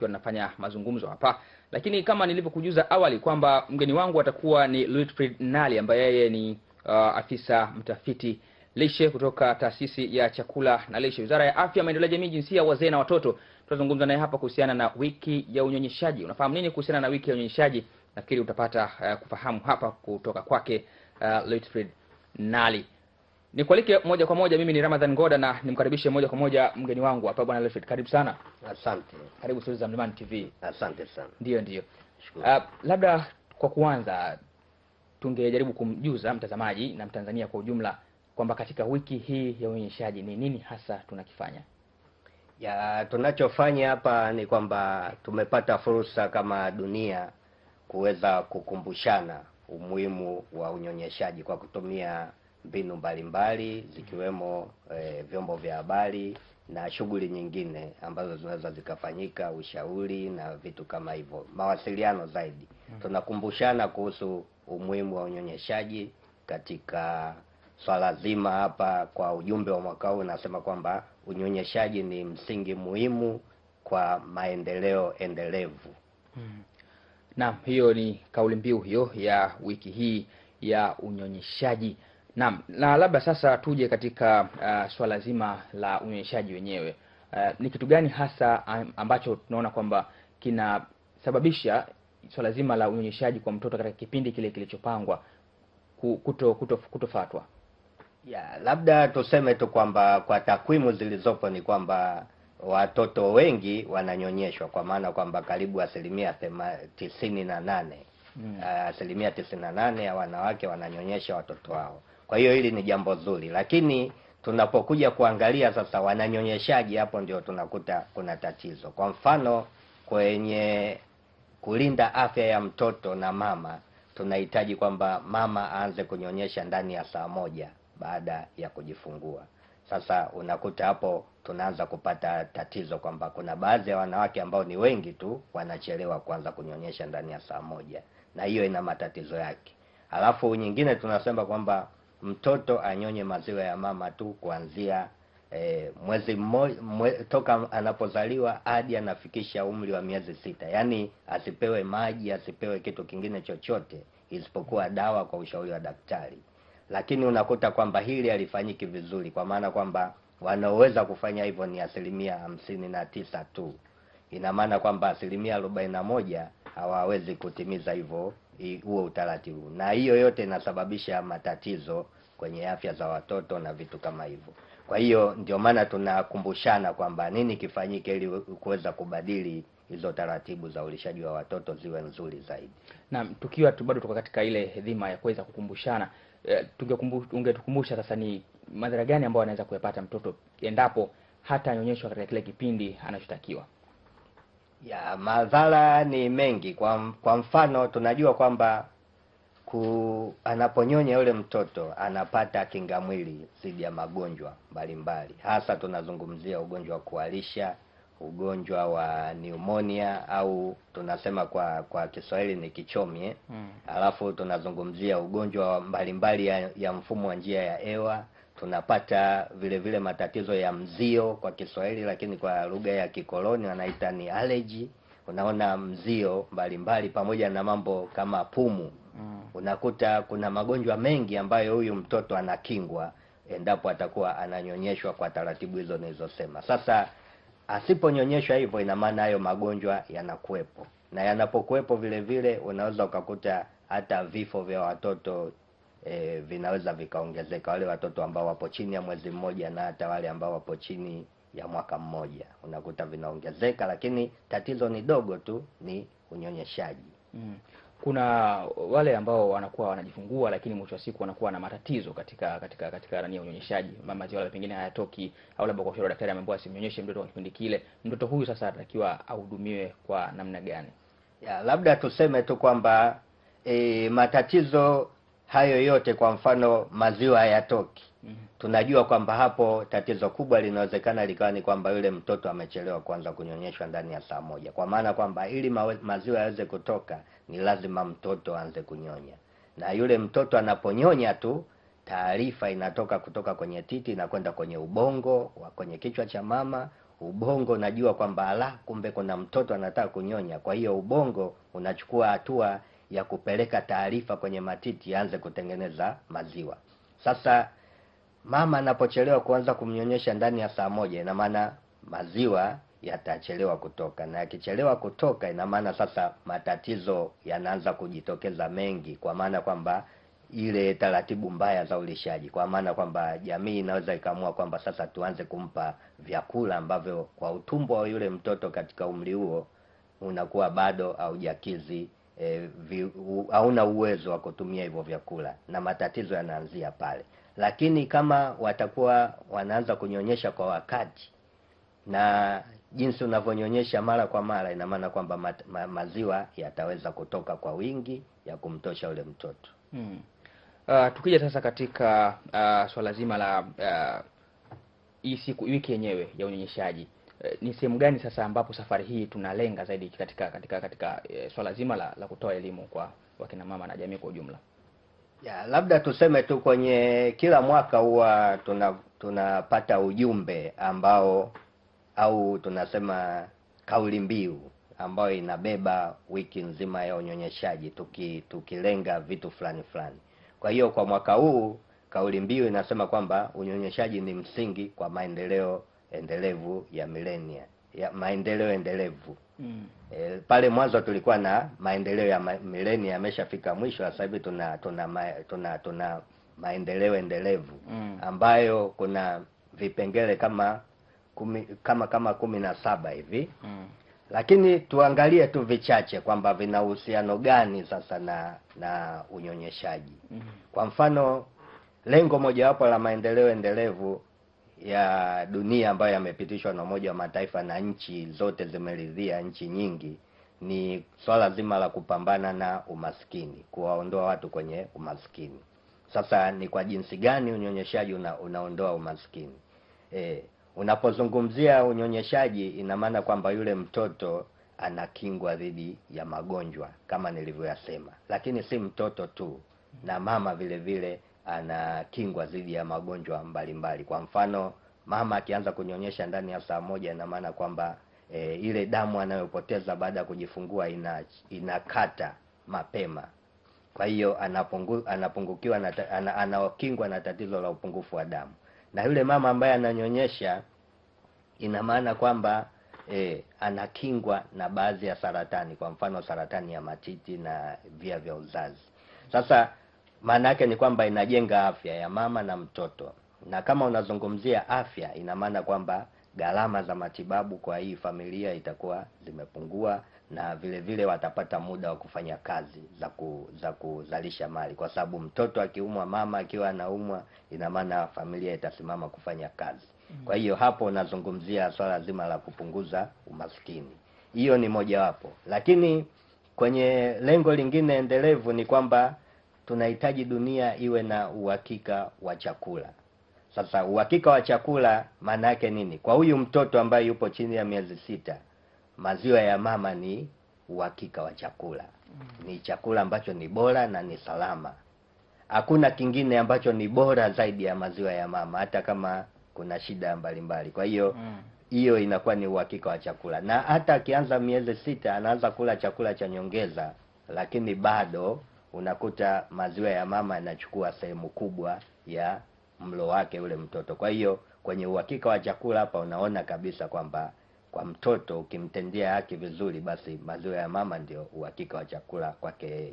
Tunafanya mazungumzo hapa, lakini kama nilivyokujuza awali kwamba mgeni wangu atakuwa ni Lutfrid Nali ambaye yeye ni uh, afisa mtafiti lishe kutoka taasisi ya chakula na lishe, wizara ya afya, maendeleo ya jamii, jinsia, wazee na watoto. Tutazungumza naye hapa kuhusiana na wiki ya unyonyeshaji. Unafahamu nini kuhusiana na wiki ya unyonyeshaji? Nafikiri utapata uh, kufahamu hapa kutoka kwake uh, Lutfrid Nali. Nikualike moja kwa moja, mimi ni Ramadhan Ngoda na nimkaribishe moja kwa moja mgeni wangu hapa bwana Alfred. Karibu sana. Asante. Karibu Stories za Mlimani TV. Asante sana. Ndio, ndio. Uh, labda kwa kuanza tungejaribu kumjuza mtazamaji na Mtanzania kwa ujumla kwamba katika wiki hii ya uonyeshaji ni nini hasa tunakifanya? Ya, tunachofanya hapa ni kwamba tumepata fursa kama dunia kuweza kukumbushana umuhimu wa unyonyeshaji kwa kutumia mbinu mbalimbali zikiwemo e, vyombo vya habari na shughuli nyingine ambazo zinaweza zikafanyika, ushauri na vitu kama hivyo, mawasiliano zaidi. Mm. Tunakumbushana kuhusu umuhimu wa unyonyeshaji katika swala zima hapa. Kwa ujumbe wa mwaka huu unasema kwamba unyonyeshaji ni msingi muhimu kwa maendeleo endelevu. Hmm. Naam, hiyo ni kauli mbiu hiyo ya wiki hii ya unyonyeshaji. Naam, na labda sasa tuje katika uh, swala zima la unyonyeshaji wenyewe. Uh, ni kitu gani hasa ambacho tunaona kwamba kinasababisha swala zima la unyonyeshaji kwa mtoto katika kipindi kile kilichopangwa kuto, kuto, kutofatwa? Ya, labda tuseme tu kwamba kwa takwimu zilizopo ni kwamba watoto wengi wananyonyeshwa kwa maana kwamba karibu asilimia tisini na nane mm. uh, asilimia tisini na nane ya wanawake wananyonyesha watoto wao. Kwa hiyo hili ni jambo zuri, lakini tunapokuja kuangalia sasa wananyonyeshaji, hapo ndio tunakuta kuna tatizo. Kwa mfano kwenye kulinda afya ya mtoto na mama, tunahitaji kwamba mama aanze kunyonyesha ndani ya saa moja baada ya kujifungua. Sasa unakuta hapo tunaanza kupata tatizo kwamba kuna baadhi ya wanawake ambao ni wengi tu wanachelewa kuanza kunyonyesha ndani ya saa moja, na hiyo ina matatizo yake. Alafu nyingine tunasema kwamba mtoto anyonye maziwa ya mama tu kuanzia e, mwezi mmoja mwe, toka anapozaliwa hadi anafikisha umri wa miezi sita, yaani asipewe maji, asipewe kitu kingine chochote isipokuwa dawa kwa ushauri wa daktari. Lakini unakuta kwamba hili halifanyiki vizuri, kwa maana kwamba wanaoweza kufanya hivyo ni asilimia hamsini na tisa tu. Ina maana kwamba asilimia arobaini na moja hawawezi kutimiza hivyo huo utaratibu, na hiyo yote inasababisha matatizo kwenye afya za watoto na vitu kama hivyo. Kwa hiyo ndio maana tunakumbushana kwamba nini kifanyike ili kuweza kubadili hizo taratibu za ulishaji wa watoto ziwe nzuri zaidi. Naam, tukiwa tu bado tuko katika ile dhima ya kuweza kukumbushana, e, eh, ungetukumbusha sasa ni madhara gani ambayo anaweza kuyapata mtoto endapo hata anyonyeshwa katika kile kipindi anachotakiwa? Ya, madhara ni mengi. Kwa, kwa mfano tunajua kwamba ku, anaponyonya yule mtoto anapata kinga mwili dhidi ya magonjwa mbalimbali, hasa tunazungumzia ugonjwa wa kualisha ugonjwa wa pneumonia au tunasema kwa kwa Kiswahili ni kichomi eh? Mm. Alafu tunazungumzia ugonjwa mbalimbali ya, ya mfumo wa njia ya hewa tunapata vile vile matatizo ya mzio kwa Kiswahili, lakini kwa lugha ya kikoloni wanaita ni allergy. Unaona mzio mbalimbali, pamoja na mambo kama pumu. Mm. Unakuta kuna magonjwa mengi ambayo huyu mtoto anakingwa endapo atakuwa ananyonyeshwa kwa taratibu hizo nilizosema. Sasa asiponyonyeshwa hivyo, ina maana hayo magonjwa yanakuwepo, na yanapokuwepo vile vile unaweza ukakuta hata vifo vya watoto e, vinaweza vikaongezeka, wale watoto ambao wapo chini ya mwezi mmoja na hata wale ambao wapo chini ya mwaka mmoja unakuta vinaongezeka, lakini tatizo ni dogo tu, ni unyonyeshaji mm. Kuna wale ambao wanakuwa wanajifungua lakini mwisho wa siku wanakuwa na matatizo katika katika katika nani ya unyonyeshaji, maziwa labda pengine hayatoki, au labda kwa ushauri daktari ameambiwa asimnyonyeshe mtoto kwa kipindi kile. Mtoto huyu sasa anatakiwa ahudumiwe kwa namna gani? Ya, labda tuseme tu kwamba e, matatizo hayo yote, kwa mfano maziwa hayatoki, mm -hmm. tunajua kwamba hapo tatizo kubwa linawezekana likawa ni kwamba yule mtoto amechelewa kuanza kunyonyeshwa ndani ya saa moja, kwa maana kwamba ili maziwa yaweze kutoka ni lazima mtoto aanze kunyonya, na yule mtoto anaponyonya tu taarifa inatoka kutoka kwenye titi na kwenda kwenye ubongo wa kwenye kichwa cha mama. Ubongo unajua kwamba ala, kumbe kuna mtoto anataka kunyonya. Kwa hiyo ubongo unachukua hatua ya kupeleka taarifa kwenye matiti yaanze kutengeneza maziwa. Sasa mama anapochelewa kuanza kumnyonyesha ndani ya saa moja, ina maana maziwa yatachelewa kutoka, na yakichelewa kutoka, ina maana sasa matatizo yanaanza kujitokeza mengi, kwa maana kwamba ile taratibu mbaya za ulishaji, kwa maana kwamba jamii inaweza ikaamua kwamba sasa tuanze kumpa vyakula ambavyo kwa utumbo wa yule mtoto katika umri huo unakuwa bado haujakizi e, vi, u, hauna uwezo wa kutumia hivyo vyakula na matatizo yanaanzia pale. Lakini kama watakuwa wanaanza kunyonyesha kwa wakati na jinsi unavyonyonyesha mara kwa mara, ina maana kwamba ma, ma, maziwa yataweza kutoka kwa wingi ya kumtosha ule mtoto hmm. Uh, tukija sasa katika uh, swala zima la uh, hii siku wiki yenyewe ya unyonyeshaji Eh, ni sehemu gani sasa ambapo safari hii tunalenga zaidi katika katika katika e, swala zima la, la kutoa elimu kwa wakina mama na jamii kwa ujumla? Ya, labda tuseme tu kwenye kila mwaka huwa tuna tunapata ujumbe ambao au tunasema kauli mbiu ambayo inabeba wiki nzima ya unyonyeshaji tuki, tukilenga vitu fulani fulani. Kwa hiyo kwa mwaka huu kauli mbiu inasema kwamba unyonyeshaji ni msingi kwa maendeleo endelevu ya milenia ya maendeleo endelevu mm. E, pale mwanzo tulikuwa na maendeleo ya ma, milenia yameshafika mwisho. Sasa hivi tuna tuna ma, tuna, tuna maendeleo endelevu mm. ambayo kuna vipengele kama kumi, kama kama kumi na saba hivi mm. Lakini tuangalie tu vichache kwamba vina uhusiano gani sasa na na unyonyeshaji mm. Kwa mfano lengo mojawapo la maendeleo endelevu ya dunia ambayo yamepitishwa na Umoja wa Mataifa na nchi zote zimeridhia, nchi nyingi, ni swala zima la kupambana na umaskini, kuwaondoa watu kwenye umaskini. Sasa ni kwa jinsi gani unyonyeshaji una, unaondoa umaskini e? Unapozungumzia unyonyeshaji, ina maana kwamba yule mtoto anakingwa dhidi ya magonjwa kama nilivyoyasema, lakini si mtoto tu, na mama vile vile anakingwa dhidi ya magonjwa mbalimbali mbali. Kwa mfano mama akianza kunyonyesha ndani ya saa moja, ina maana kwamba e, ile damu anayopoteza baada ya kujifungua ina, inakata mapema. Kwa hiyo anapungu, anapungukiwa na, anakingwa na tatizo la upungufu wa damu, na yule mama ambaye ananyonyesha ina maana kwamba e, eh, anakingwa na baadhi ya saratani, kwa mfano saratani ya matiti na via vya uzazi. Sasa maana yake ni kwamba inajenga afya ya mama na mtoto, na kama unazungumzia afya, ina maana kwamba gharama za matibabu kwa hii familia itakuwa zimepungua, na vile vile watapata muda wa kufanya kazi za ku, za kuzalisha mali, kwa sababu mtoto akiumwa, mama akiwa anaumwa, ina maana familia itasimama kufanya kazi. Mm. Kwa hiyo hapo unazungumzia swala zima la kupunguza umaskini, hiyo ni mojawapo, lakini kwenye lengo lingine endelevu ni kwamba tunahitaji dunia iwe na uhakika wa chakula. Sasa uhakika wa chakula maana yake nini? Kwa huyu mtoto ambaye yupo chini ya miezi sita, maziwa ya mama ni uhakika wa chakula, mm. ni chakula ambacho ni bora na ni salama. Hakuna kingine ambacho ni bora zaidi ya maziwa ya mama, hata kama kuna shida mbalimbali. Kwa hiyo mm. hiyo mm, inakuwa ni uhakika wa chakula, na hata akianza miezi sita anaanza kula chakula cha nyongeza, lakini bado unakuta maziwa ya mama yanachukua sehemu kubwa ya mlo wake yule mtoto. Kwa hiyo kwenye uhakika wa chakula hapa unaona kabisa kwamba kwa mtoto ukimtendea haki vizuri, basi maziwa ya mama ndio uhakika wa chakula kwake yeye.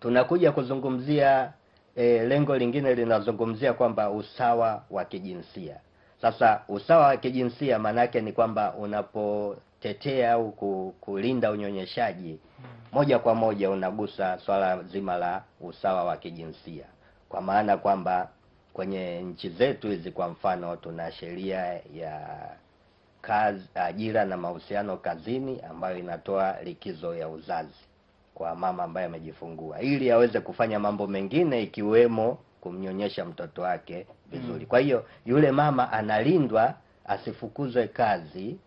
Tunakuja kuzungumzia e, lengo lingine linazungumzia kwamba usawa wa kijinsia. Sasa usawa wa kijinsia maana yake ni kwamba unapo kutetea au kulinda unyonyeshaji moja kwa moja unagusa swala zima la usawa wa kijinsia, kwa maana kwamba kwenye nchi zetu hizi, kwa mfano, tuna sheria ya kazi, ajira na mahusiano kazini ambayo inatoa likizo ya uzazi kwa mama ambaye amejifungua ili aweze kufanya mambo mengine ikiwemo kumnyonyesha mtoto wake vizuri. Mm. Kwa hiyo yule mama analindwa asifukuzwe kazi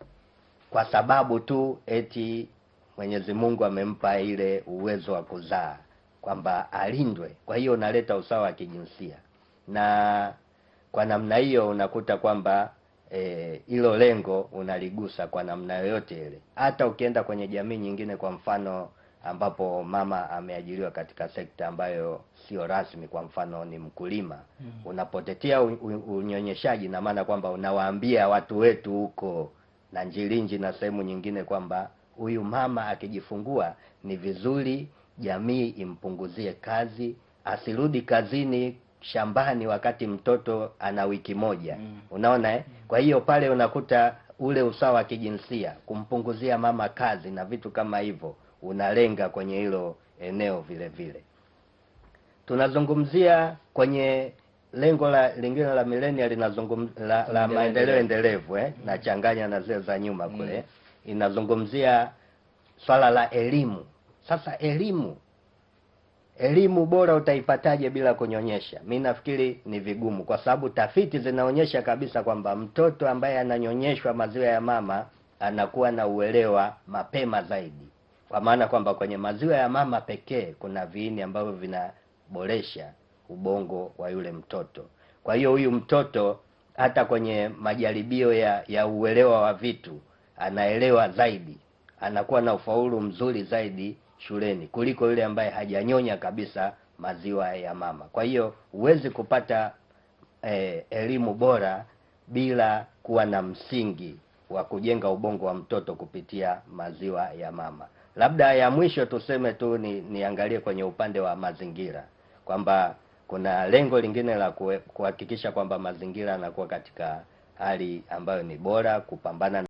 kwa sababu tu eti Mwenyezi Mungu amempa ile uwezo wa kuzaa kwamba alindwe. Kwa hiyo unaleta usawa wa kijinsia, na kwa namna hiyo unakuta kwamba e, hilo e, lengo unaligusa kwa namna yoyote ile. Hata ukienda kwenye jamii nyingine, kwa mfano ambapo mama ameajiriwa katika sekta ambayo sio rasmi, kwa mfano ni mkulima mm. Unapotetea unyonyeshaji, na maana kwamba unawaambia watu wetu huko na Njilinji na sehemu nyingine kwamba huyu mama akijifungua ni vizuri jamii impunguzie kazi, asirudi kazini shambani wakati mtoto ana wiki moja. Mm. Unaona eh? Mm. Kwa hiyo pale unakuta ule usawa wa kijinsia, kumpunguzia mama kazi na vitu kama hivyo, unalenga kwenye hilo eneo vile vile. Tunazungumzia kwenye lengo la lingine la milenia linazungumza la, la maendeleo endelevu eh, na changanya na zile za nyuma mm. kule mm. inazungumzia swala la elimu. Sasa elimu elimu bora utaipataje bila kunyonyesha? Mi nafikiri ni vigumu, kwa sababu tafiti zinaonyesha kabisa kwamba mtoto ambaye ananyonyeshwa maziwa ya mama anakuwa na uelewa mapema zaidi, kwa maana kwamba kwenye maziwa ya mama pekee kuna viini ambavyo vinaboresha ubongo wa yule mtoto. Kwa hiyo huyu mtoto hata kwenye majaribio ya, ya uelewa wa vitu anaelewa zaidi, anakuwa na ufaulu mzuri zaidi shuleni kuliko yule ambaye hajanyonya kabisa maziwa ya mama. Kwa hiyo huwezi kupata eh, elimu bora bila kuwa na msingi wa kujenga ubongo wa mtoto kupitia maziwa ya mama. Labda ya mwisho tuseme tu ni niangalie kwenye upande wa mazingira kwamba kuna lengo lingine la kuhakikisha kwamba mazingira yanakuwa katika hali ambayo ni bora kupambana